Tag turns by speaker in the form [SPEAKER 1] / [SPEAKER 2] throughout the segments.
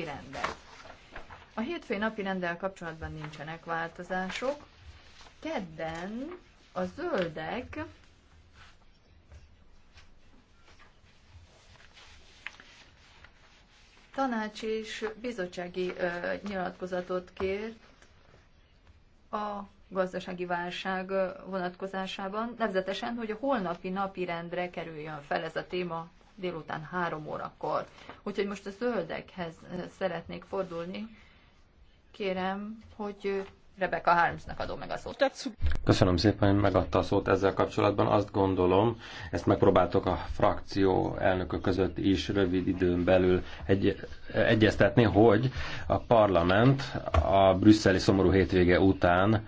[SPEAKER 1] rendel. A hétfői rendel kapcsolatban nincsenek változások. Kedden a zöldek tanács és bizottsági ö, nyilatkozatot kért a gazdasági válság vonatkozásában, nevezetesen, hogy a holnapi napi rendre kerüljön fel ez a téma délután három órakor. Úgyhogy most a zöldekhez eh, szeretnék fordulni. Kérem, hogy eh, Rebecca Harmsnak adom meg
[SPEAKER 2] a szót. Köszönöm szépen, hogy megadta a szót ezzel kapcsolatban. Azt gondolom, ezt megpróbáltok a frakció elnökök között is rövid időn belül egy, egyeztetni, hogy a parlament a brüsszeli szomorú hétvége után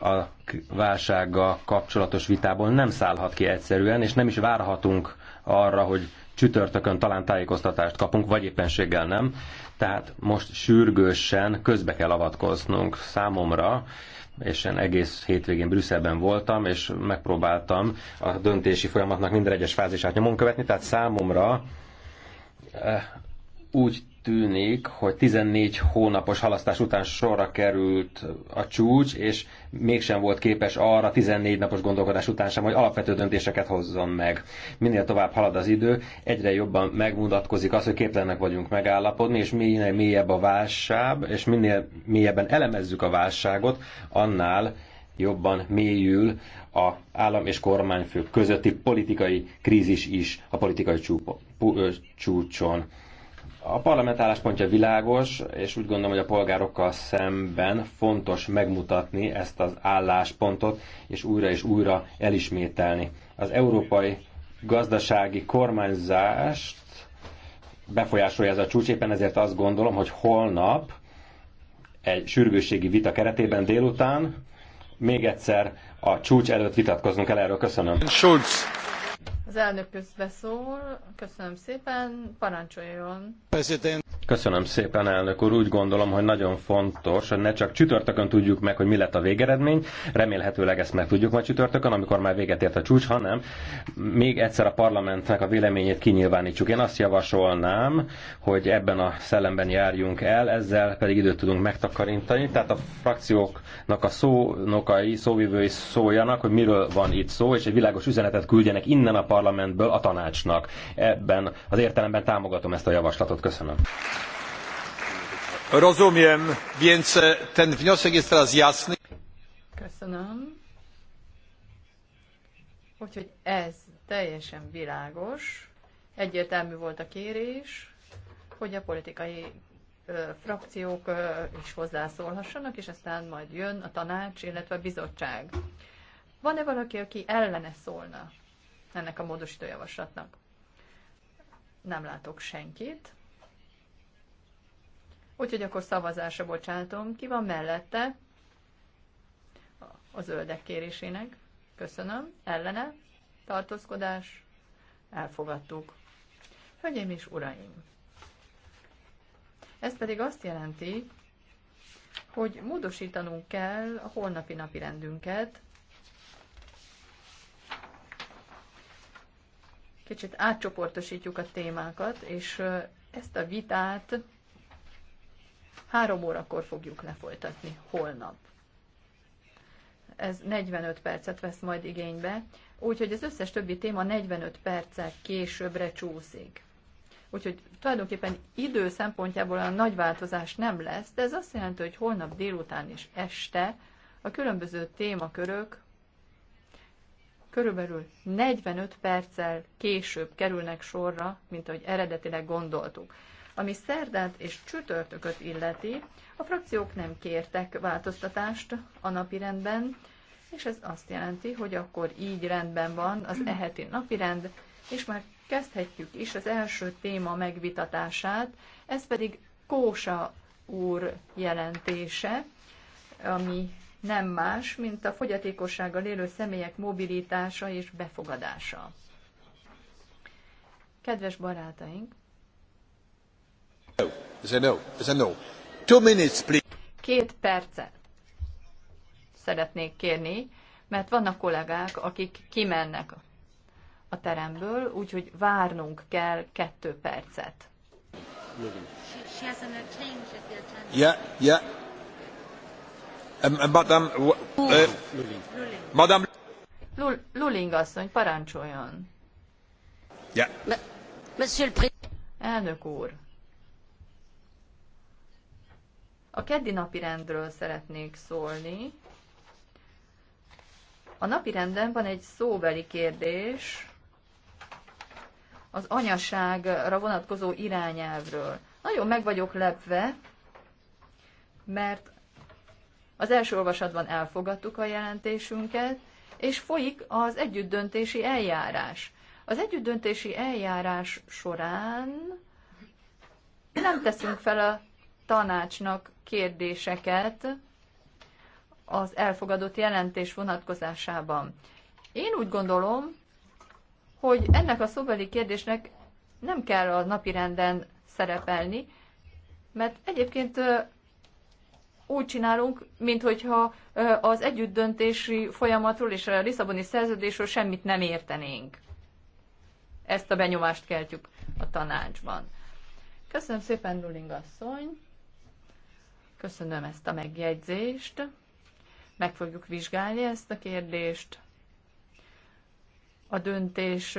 [SPEAKER 2] a válsággal kapcsolatos vitából nem szállhat ki egyszerűen, és nem is várhatunk arra, hogy csütörtökön talán tájékoztatást kapunk, vagy éppenséggel nem. Tehát most sürgősen közbe kell avatkoznunk számomra, és én egész hétvégén Brüsszelben voltam, és megpróbáltam a döntési folyamatnak minden egyes fázisát nyomon követni, tehát számomra eh, úgy tűnik, hogy 14 hónapos halasztás után sorra került a csúcs, és mégsem volt képes arra 14 napos gondolkodás után sem, hogy alapvető döntéseket hozzon meg. Minél tovább halad az idő, egyre jobban megmutatkozik az, hogy képtelenek vagyunk megállapodni, és minél mélyebb a válság, és minél mélyebben elemezzük a válságot, annál jobban mélyül a állam és kormányfők közötti politikai krízis is a politikai csúpo, pu, ö, csúcson. A parlament álláspontja világos, és úgy gondolom, hogy a polgárokkal szemben fontos megmutatni ezt az álláspontot, és újra és újra elismételni. Az európai gazdasági kormányzást befolyásolja ez a csúcs, éppen ezért azt gondolom, hogy holnap egy sürgősségi vita keretében délután még egyszer a csúcs előtt vitatkoznunk el erről. Köszönöm. Schulz.
[SPEAKER 1] Az elnök közbeszól. Köszönöm szépen. Parancsoljon.
[SPEAKER 2] President. Köszönöm szépen, elnök úr. Úgy gondolom, hogy nagyon fontos, hogy ne csak csütörtökön tudjuk meg, hogy mi lett a végeredmény. Remélhetőleg ezt meg tudjuk majd csütörtökön, amikor már véget ért a csúcs, hanem még egyszer a parlamentnek a véleményét kinyilvánítsuk. Én azt javasolnám, hogy ebben a szellemben járjunk el, ezzel pedig időt tudunk megtakarítani. Tehát a frakcióknak a szónokai, szóvivői szóljanak, hogy miről van itt szó, és egy világos üzenetet küldjenek innen a parlamentből a tanácsnak. Ebben az értelemben támogatom ezt a javaslatot. Köszönöm. Rozumiem, więc ten wniosek jest teraz jasny.
[SPEAKER 1] Köszönöm. Úgyhogy ez teljesen világos, egyértelmű volt a kérés, hogy a politikai ö, frakciók ö, is hozzászólhassanak, és aztán majd jön a tanács, illetve a bizottság. Van-e valaki, aki ellene szólna? ennek a módosító javaslatnak. Nem látok senkit. Úgyhogy akkor szavazásra bocsátom. Ki van mellette? A zöldek kérésének. Köszönöm. Ellene? Tartózkodás? Elfogadtuk. Hölgyeim és uraim! Ez pedig azt jelenti, hogy módosítanunk kell a holnapi napi rendünket, kicsit átcsoportosítjuk a témákat, és ezt a vitát három órakor fogjuk lefolytatni holnap. Ez 45 percet vesz majd igénybe, úgyhogy az összes többi téma 45 perccel későbbre csúszik. Úgyhogy tulajdonképpen idő szempontjából a nagy változás nem lesz, de ez azt jelenti, hogy holnap délután és este a különböző témakörök körülbelül 45 perccel később kerülnek sorra, mint ahogy eredetileg gondoltuk. Ami szerdát és csütörtököt illeti, a frakciók nem kértek változtatást a napirendben, és ez azt jelenti, hogy akkor így rendben van az eheti napirend, és már kezdhetjük is az első téma megvitatását, ez pedig Kósa úr jelentése, ami nem más, mint a fogyatékossággal élő személyek mobilitása és befogadása. Kedves barátaink! Két percet szeretnék kérni, mert vannak kollégák, akik kimennek a teremből, úgyhogy várnunk kell kettő percet.
[SPEAKER 2] Yeah, yeah, E,
[SPEAKER 1] Luling asszony, parancsoljon. Yeah. Monsieur le Elnök úr, a keddi napi rendről szeretnék szólni. A napi renden van egy szóbeli kérdés az anyaságra vonatkozó irányelvről. Nagyon meg vagyok lepve, mert az első olvasatban elfogadtuk a jelentésünket, és folyik az együttdöntési eljárás. Az együttdöntési eljárás során nem teszünk fel a tanácsnak kérdéseket az elfogadott jelentés vonatkozásában. Én úgy gondolom, hogy ennek a szóbeli kérdésnek nem kell a napirenden szerepelni, mert egyébként úgy csinálunk, minthogyha az együttdöntési folyamatról és a Lisszaboni szerződésről semmit nem értenénk. Ezt a benyomást keltjük a tanácsban. Köszönöm szépen, Luling asszony. Köszönöm ezt a megjegyzést. Meg fogjuk vizsgálni ezt a kérdést. A döntés